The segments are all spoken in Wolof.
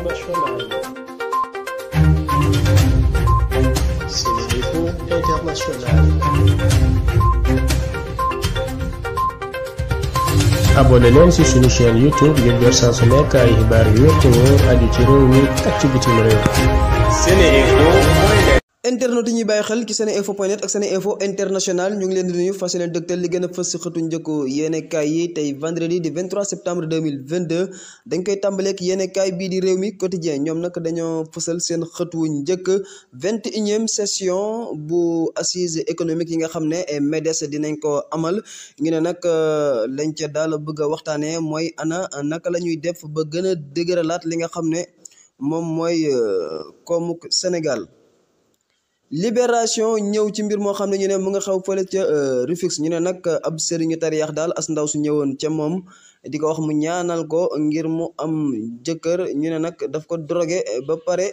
internationale. C'est l'info internationale. abonné leen YouTube ngir jot saa su nekk ay xibaar yu wér te ci mi ak bitim réew. internet yi ñuy bàyyi xel ci sene info point net ak sene info international ñu ngi leen di nuyu fas leen dëgtal li gën a fës si xëtu njëkko yéenekaay yi tey vendredi di 23 septembre 2022 dañ koy tàmbaleek yéenekaay bii di réew mi quotidien ñoom nag dañoo fësal seen xët njëkk vingt et unième session bu assise économique yi nga xam ne MEDES dinañ ko amal ñu ne nag euh, lañ ca daal bëgg a waxtaanee mooy ana naka la ñuy def ba gën a dëgëralaat li nga xam ne moom mooy euh, koomuk Sénégal libération ñëw ci mbir moo xam ne ñu ne mu nga xaw fële ca euh, Rufisque ñu ne nag ab sëriñu tariyax daal as ndaw su ñëwoon ca moom di ko wax mu ñaanal ko ngir mu am jëkkër ñu ne nag daf ko drogué euh, ba pare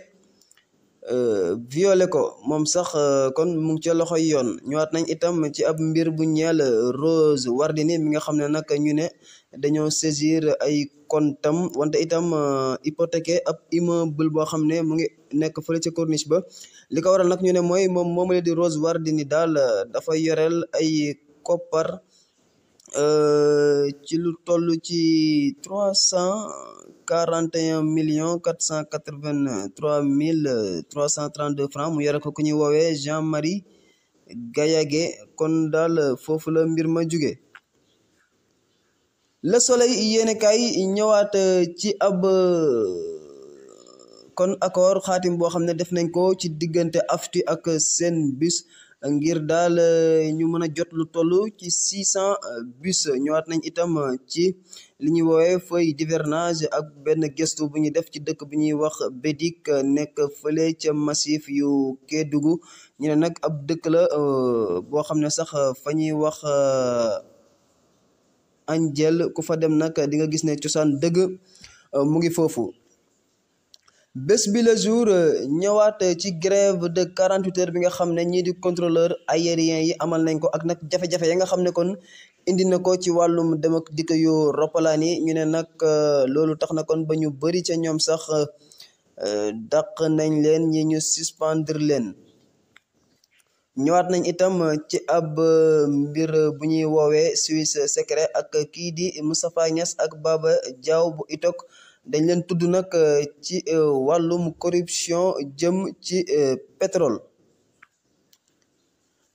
euh, violé ko moom sax kon mu ngi ca loxoy yoon ñëwaat nañ itam ci ab mbir bu ñeel Rose Wardini mi nga xam ne nag ñu ne dañoo saisir ay kon kontam wante itam euh, hypothéqué ab immeuble boo xam ne mu ngi nekk fële ci corniche ba li ko waral nag ñu ne mooy moom moom la di Rose Wardini daal euh, dafa yoreel ay koppar euh, ci lu toll ci trois cent quarante et un millions quatre cent quatre vingt trois mille trois cent trente deux francs mu yore ko ku ñuy woowee Jean Marie Gayagé kon daal foofu la mbir ma juge Le Soleil yéenekaay ñëwaat euh, ci ab euh, kon accord xaatim boo xam ne def nañ ko ci diggante afti ak seen bus ngir daal euh, ñu mën a jot lu toll ci six cent bus ñëwaat nañ itam ci li ñuy woowee feuille divernage ak benn gëstu bu ñuy def ci dëkk bu ñuy wax Bédik nekk fële ca massif yu Kédougou ñu ne nag ab dëkk la boo xam ne sax fa ñuy wax. Anjel ku fa dem nag di nga gis ne cosaan dëgg euh, mu ngi foofu bés bi le jour euh, ñëwaat ci grève de quarante huit bi nga xam ne ñii di contrôleur aérien yi amal nañ ko ak nag jafe-jafe ya nga xam ne kon indi na ko ci wàllum demak ak dikk yu roppalaan yi ñu ne nag euh, loolu tax na kon ba ñu bëri ca ñoom sax dàq nañ leen ñi ñu suspendre leen ñëwaat nañ itam ci ab euh, mbir bu ñuy woowee Suisse secret ak kii di Moustapha Niass ak Baba Diaw bu itok dañ leen tudd nag euh, ci euh, wàllum corruption jëm ci pétrole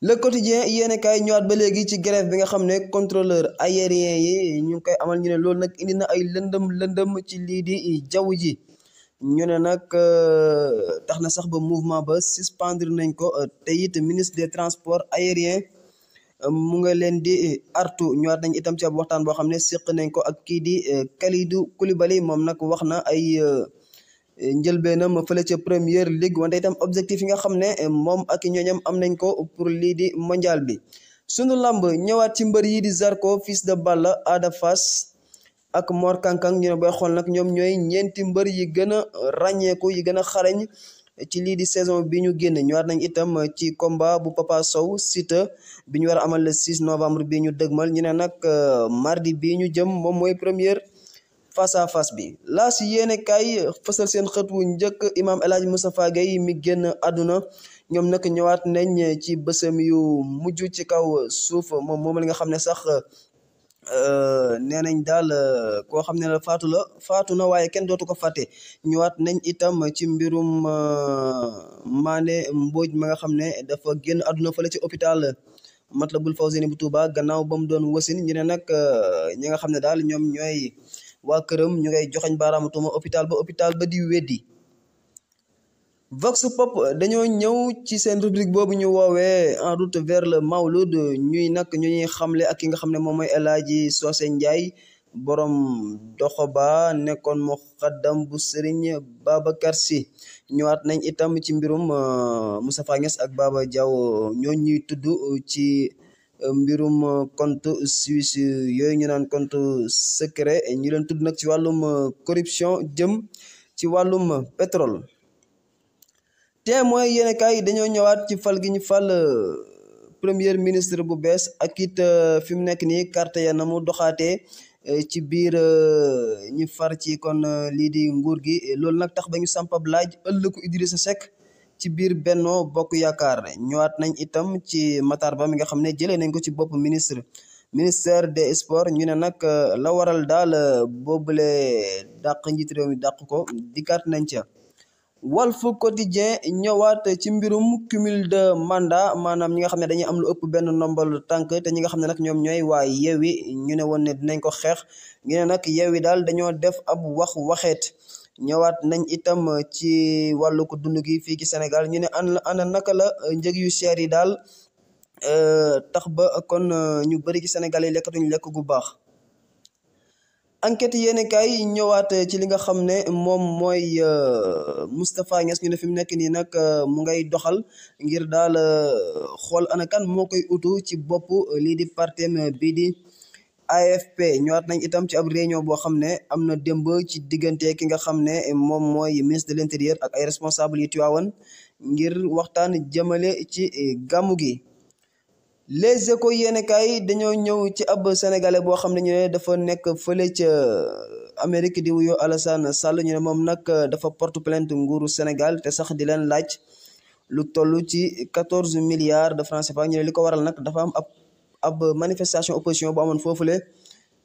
le quotidien yéen kaay ñëwaat ba léegi ci grève bi nga xam ne contrôleur aérien yi ñu ngi koy amal ñu ne loolu nag indi na ay lëndëm lëndëm ci lii di jaww ji ñu ne nag euh, tax na sax ba mouvement ba suspendre nañ ko euh, te it ministre des transports aériens euh, mu nga leen di artu ñëwaat nañ itam ci ab waxtaan boo xam ne séq nañ ko ak kii di Kalidou Koulibaly moom nag wax na ay njëlbeenam fële ca première ligue wante itam objectif yi nga xam ne moom ak ñooñam am nañ ko pour lii di mondial bi sunu làmb ñëwaat ci mbër yii di Zarko fils de Balla Ada fas ak moor kankan ñu xool nag ñoom ñooy ñeenti mbër yi gën a ràññeeku yi gën a xarañ ci lii di saison bi ñu génn ñu nañ itam ci combat bu Papa Sow sita bi ñu war a amal le 6 novembre bi ñu dëgmal ñu ne nag euh, mardi bii ñu jëm moom mooy première face à face bi laas yéene kaay fësal seen xët wu njëkk imaam El Hadj Moustapha Guèye mi génn àdduna ñoom nag ñëwaat nañ ci bësam yu mujj ci kaw suuf moom moom li nga xam ne sax Euh, nee nañ daal euh, koo xam ne la faatu la faatu na waaye kenn dootu ko fàtte ñëwaat nañ itam ci mbirum euh, Mané mbooj ma nga xam ne dafa génn àdduna fële ci hôpital Matlaboul Fawzeyni bu Touba gannaaw ba mu doon wasin ñu ne nag ñi nga xam ne daal ñoom ñooy waa këram ñu ngay joxañ baaraamu tuuma hôpital ba hôpital ba di Vox Pop euh, dañoo ñëw ci seen rubrique boobu ñu woowee en route vers le Mawlud ñuy nag ñu ñuy xamle ak ki nga xam ne moom mooy El Hadji Socé Ndiaye borom doxoba nekkoon mu xaddam bu Serigne Babacar Sy ñëwaat nañ itam ci mbirum euh, Moustapha Niasse ak Baba Diaw ñoo ñuy tudd ci euh, mbirum compte suisse yooyu ñu naan compte secret ñu leen tudd nag ci wàllum corruption jëm ci wàllum pétrole. te yéen kaay yi dañoo ñëwaat ci fal gi ñu fal euh, premier ministre bu bees ak it euh, fi mu nekk nii carte ya na mu doxaate euh, ci biir ñi far ci kon lii di nguur gi loolu nag tax ba ñu sampab laaj ëllëgu Idrissa Seck ci biir Benno Bokk Yaakaar ñowaat nañ itam ci Matar Ba mi nga xam ne jëlee nañ ko ci bopp ministre ministère de sports ñu ne nag la waral daal boobule dàq njiit réew mi dàq ko dikkaat nañ ca. Walf Quotidien ñëwaat ci mbirum cumul de mandat maanaam ñi nga xam ne dañuy am lu ëpp benn ndombal tànk te ñi nga xam ne nag ñoom ñooy waa Yewwi ñu ne woon ne dinañ ko xeex ñu ne nag Yewwi daal dañoo def ab wax waxeet ñëwaat nañ itam ci wàllu dund gi fii ki Sénégal ñu ne ana ana naka la njëg yu cher yi daal euh, tax ba kon euh, ñu bëri ci Sénégal lekkatuñ lekk gu baax. enquête yéen kay ñëwaat eh, ci li nga xam ne moom mooy eh, Moustapha Niass ñu ne fi mu nekk nii nag eh, mu ngay doxal ngir daal xool ana kan moo koy utu ci bopp lii di partem bii di AFP ñëwaat nañ itam ci ab réunion boo xam ne am na démb ci diggante ki nga xam ne moom mooy ministre de l'intérieur ak ay responsable yi Tivaouane ngir waxtaan jëmale ci gàmmu gi. les échos yéenekaay dañoo ñëw ci ab sénégalais boo xam ne ñu ne dafa nekk fële ca Amérique di wuyoo Alassane Sall ñu ne moom nag dafa porte plainte nguuru Sénégal te sax di leen laaj lu toll ci quatorze milliards de francs CFA ñu ne li ko waral nag dafa am ab ab manifestation opposition bu amoon foofule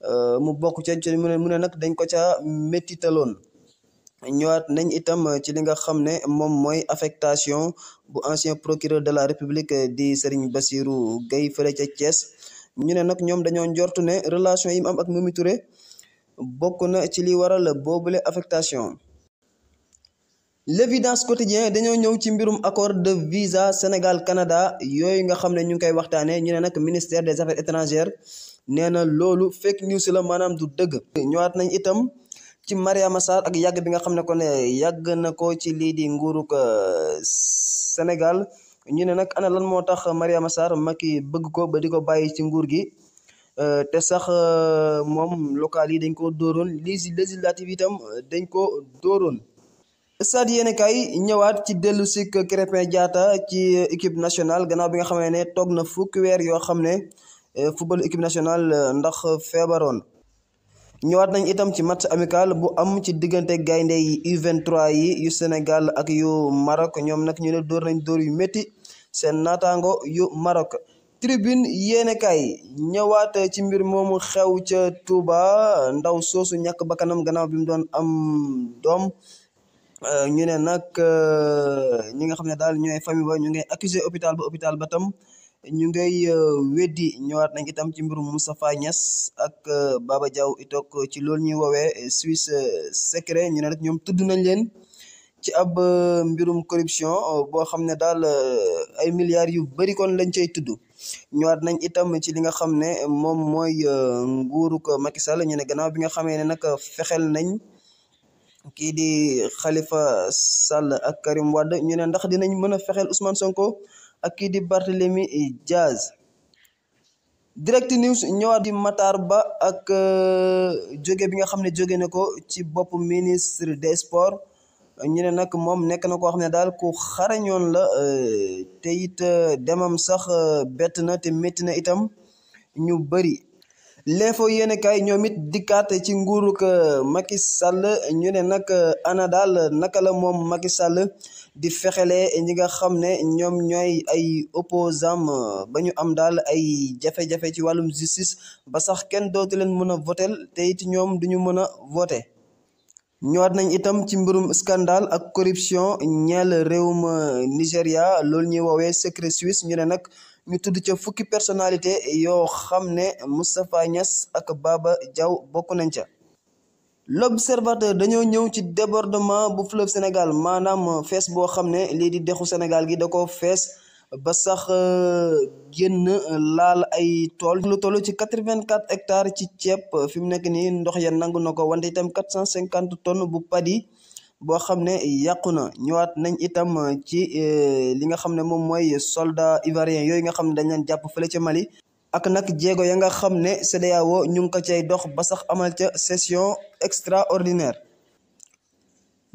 euh, mu bokk ca mu ne mu ne nag dañ ko ca méttitaloon ñëwaat nañ itam ci li nga xam ne moom mooy affectation bu ancien procureur de la république di Serigne Bassirou Gueye fële ca Thiès ñu ne nag ñoom dañoo njortu ne relation yi am ak Mimi bokk na ci li waral boobule affectation l'évidence quotidien dañoo ñëw ci mbirum accord de visa Sénégal Canada yooyu nga xam ne ñu ngi koy waxtaanee ñu ne nag ministère des affaires étrangères nee na loolu fake news la maanaam du dëgg ñëwaat nañ itam ci Mariama Sarr ak yàgg bi nga xam ne kon eh, yàgg na ko ci lii di nguurug eh, Sénégal ñu ne nag ana lan moo tax Mariama Sarr Macky bëgg ko ba di ko bàyyi ci nguur gi eh, te sax moom local yi dañ ko dóoroon lii législative itam dañ ko dóoroon stade yéen kay ñëwaat ci dellu si Krépin jaata ci équipe nationale gannaaw bi nga xam ne toog na fukki weer yoo xam ne football équipe nationale ndax feebaroon ñëwaat nañ itam ci match amical bu am ci diggante gaynde yi U23 yi yu Sénégal ak yu Maroc ñoom nag ñu ne dóor nañ dóor yu métti seen naataango yu Maroc tribune yéenekaay ñëwaat ci mbir moomu xew ca tuuba ndaw soosu ñàkk bakkanam gannaaw bi mu doon am doom euh, ñu ne nag euh, ñi nga xam ne daal ñooy famille ba ñu ngay accuser hôpital ba hôpital ba ñu ngay euh, weddi ñëwaat nañ itam ci mbirum Moustapha Niass ak euh, Baba Diaw itoog ci loolu ñuy woowee Suisse euh, secret ñu ne nag ñoom tudd nañ leen ci ab mbirum corruption boo xam ne daal ay milliards yu bëri kon lañ cay tudd ñëwaat nañ itam ci li nga xam ne moom mooy nguurug Macky Sall ñu ne ganaaw bi nga xamee ne nag fexeel nañ kii di Khalifa Sall ak Karim Wade ñu ne ndax dinañ mën a fexeel Ousmane Sonko. kii di Barthélemy Diaz direct news ñëwaat di Matar Ba ak euh, jóge bi nga xam ne jóge na ko ci bopp ministre des sports ñu ne nag moom nekk na koo xam ne daal ku xareñoon la euh, te it euh, demam sax bett na te métti itam ñu bari l'info yéen kay ñoom it dikkaat ci nguurug Macky Sall ñu ne nag ana daal naka la moom Macky Sall di fexele ñi nga xam ne ñoom ñooy ay opposant euh, ba ñu am daal ay jafe-jafe ci wàllum justice ba sax kenn dootu leen mën a votel te it ñoom duñu mën a voté ñëwaat nañ itam ci mbirum scandale ak corruption ñeel réewum euh, Nigéria loolu ñuy woowee secret suisse ñu ne nag ñu tudd ca fukki personnalité yoo xam ne Moustapha Niass ak Baba Diaw bokk nañ ca l'observateur dañoo ñëw ci débordement bu fleuve Sénégal maanaam fees boo xam ne lii di dexu Sénégal gi da ko fees ba sax euh, génn laal ay tool lu toll ci quatre vingt ci ceeb fi mu nekk nii ndox ya nangu na ko wante itam quatre cent cinquante tonnes bu padi boo xam ne yàqu na ñëwaat nañ itam euh, ci euh, li nga xam ne moom mooy soldat ivoirien yooyu nga xam ne dañ leen jàpp fële ca Mali ak nag jéego ya nga xam ne CEDEAO ñu ngi ko cay dox ba sax amal ca session extraordinaire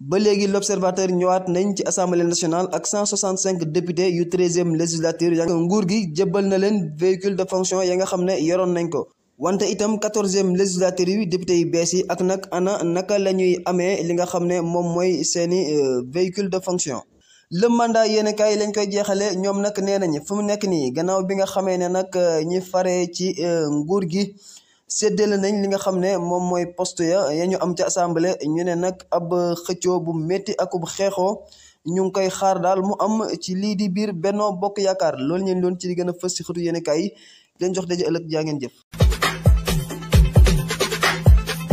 ba léegi l'observateur ñëwaat nañ ci assemblée nationale ak 165 députés yu 13e législature ya nguur gi jébbal na leen véhicule de fonction ya nga xam ne yoroon nañ ko wante itam quatorzième législature yi député yi bees yi ak nag ana naka la ñuy amee li nga xam ne moom mooy seeni euh, véhicule de fonction le mandat yéen kaay lañ koy jeexale ñoom nag nee nañ fu mu nekk nii gannaaw bi nga xamee ne nag euh, ñi fare ci euh, nguur gi seddale nañ li nga xam ne moom mooy poste ya ya ñu am ca assemblée ñu ne nag ab xëccoo bu metti ak bu xeexoo ñu ngi koy xaar daal mu am ci lii di biir Benno Bokk Yaakaar loolu ñeen doon ci li gën a fës ci xëtu yéen yi leen jox daje ëllëg jaa jëf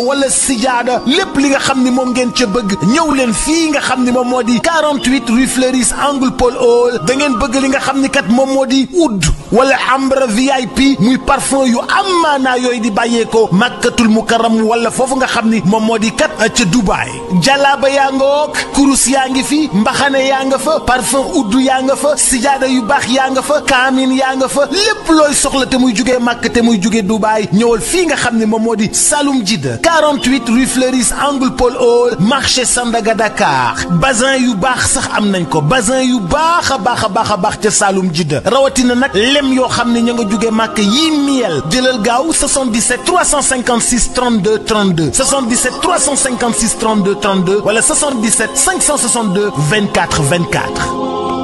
wala sijaada lépp li nga xam ni moom ngeen ca bëgg ñëw leen fii nga xam ni moom moo di 48 rue Fleuris angle Paul Hall da ngeen bëgg li nga xam ni kat moom moo di oud wala ambre VIP muy parfum yu amaanaa yooyu di bàyyeekoo màkkatul mukarram wala foofu nga xam ni moom moo di kat ca Dubaay. jalaaba yaa nga wook kurus yaa ngi fi mbaxane yaa nga fa parfum udd yaa nga fa sijaada yu baax yaa nga fa kaamin yaa nga fa lépp looy soxla te muy jugee màkk te muy jugee Dubaay ñëwal fii nga xam ne moom moo di Saloum Jidda 48 rue Fleuris angle Paul Hall marché Sandaga Dakar bazin yu baax sax am nañ ko bazin yu baax a baax a baax a baax ca Saloum Jidda rawatina nag lem yoo xam ne ña nga jóge màkk yii miel jëlal gaaw 77 356 32 32 77 32 wala 77 562 24 24.